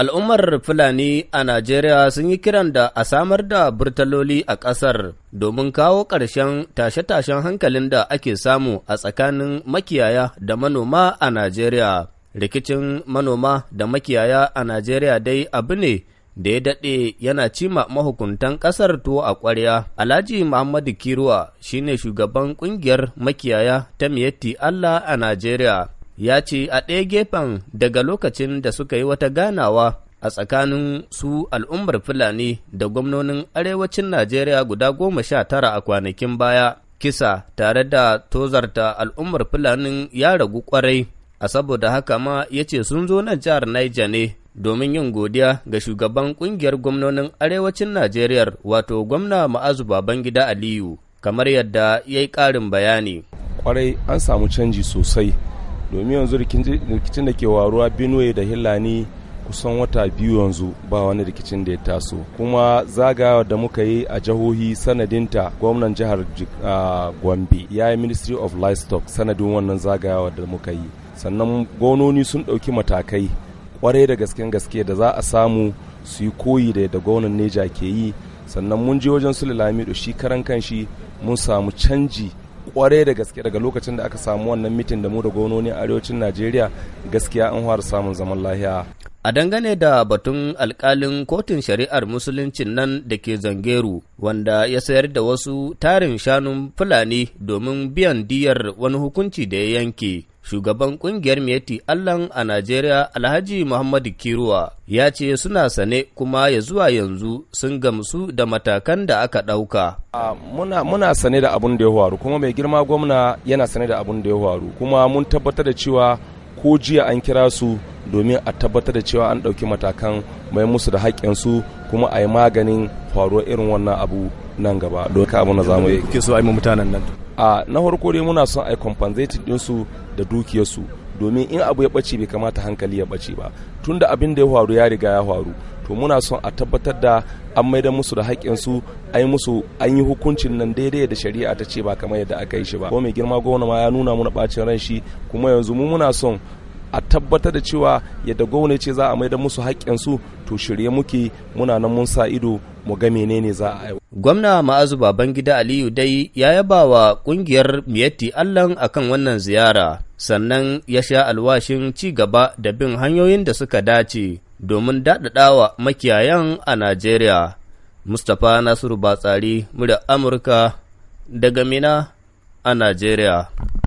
Al'ummar Fulani a Najeriya sun yi kiran da a samar da burtaloli a ƙasar domin kawo ƙarshen tashe-tashen hankalin da ake samu a tsakanin makiyaya da manoma a Najeriya. Rikicin manoma da makiyaya a Najeriya dai abu ne da ya daɗe yana cima mahukuntan ƙasar tuwo a ƙwarya. Alhaji Muhammadu Kiruwa shine shugaban ƙungiyar makiyaya ta miyatti Allah a Najeriya. ya ce a ɗaya gefen daga lokacin da suka yi wata ganawa a tsakanin su al'ummar Fulani da gwamnonin arewacin Najeriya guda goma sha tara a kwanakin baya, kisa tare da tozarta al'ummar Fulanin ya ragu kwarai, a saboda haka ma ya ce sun zo nan jihar Niger ne domin yin godiya ga shugaban ƙungiyar gwamnonin arewacin Najeriya wato gwamna Ma'azu Babangida Aliyu, kamar yadda ya yi ƙarin bayani. Kwarai an samu canji sosai domin yanzu rikicin da ke waruwa benue da hillani kusan wata biyu yanzu ba wani rikicin da ya taso kuma zagawa da muka yi a jihohi sanadinta gwamnan jihar gombe ya yi ministry of livestock sanadin wannan zagawa da muka yi sannan gononi sun ɗauki matakai kwarai da gasken gaske da za a samu su yi koyi da yadda gwamnan neja ke yi sannan mun je wajen su lalami shi karan kanshi mun samu canji kwarai da gaske daga lokacin da aka samu wannan mitin da mu da gononin arewacin najeriya gaskiya an fara samun zaman lafiya. a dangane da batun alkalin kotun shari'ar musuluncin nan da ke zangeru wanda ya sayar da wasu tarin shanun fulani domin biyan diyar wani hukunci da ya yanke shugaban kungiyar Meti Allan a Najeriya Alhaji Muhammadu Kiruwa ya ce suna sane kuma ya zuwa yanzu sun gamsu da matakan da aka ɗauka. Muna, muna sane da abun da ya faru kuma mai girma gwamna yana sane da abun da ya faru kuma mun tabbatar da cewa ko jiya an kira su domin a tabbatar da cewa an ɗauki matakan mai musu da haƙƙinsu kuma a yi maganin faruwar irin wannan abu nan gaba doka abu na zamu yi. Kuke a mutanen nan? A na farko dai muna son a yi ɗin ɗinsu da dukiyarsu domin in abu ya ɓace bai kamata hankali ya ɓace ba tun da abin da ya faru ya riga ya faru to muna son a tabbatar da an maida musu da haƙƙinsu yi musu an yi hukuncin nan daidai da shari'a ta ce ba kamar yadda aka yi shi ba ko mai girma gwamna ma ya nuna muna ɓacin ran shi kuma yanzu mu muna son a tabbatar da cewa yadda gwamnati ce za a mai maida musu haƙƙinsu to shirye muke muna nan mun sa ido mu ga menene za a yi. Gwamna Ma'azu Babangida Aliyu dai ya yaba wa ƙungiyar Miyatti Allahn akan wannan ziyara sannan ya sha alwashin ci gaba da bin hanyoyin da suka dace domin daɗaɗawa makiyayan a Najeriya. Mustapha Nasiru Batsari, murya Amurka daga Mina a Najeriya.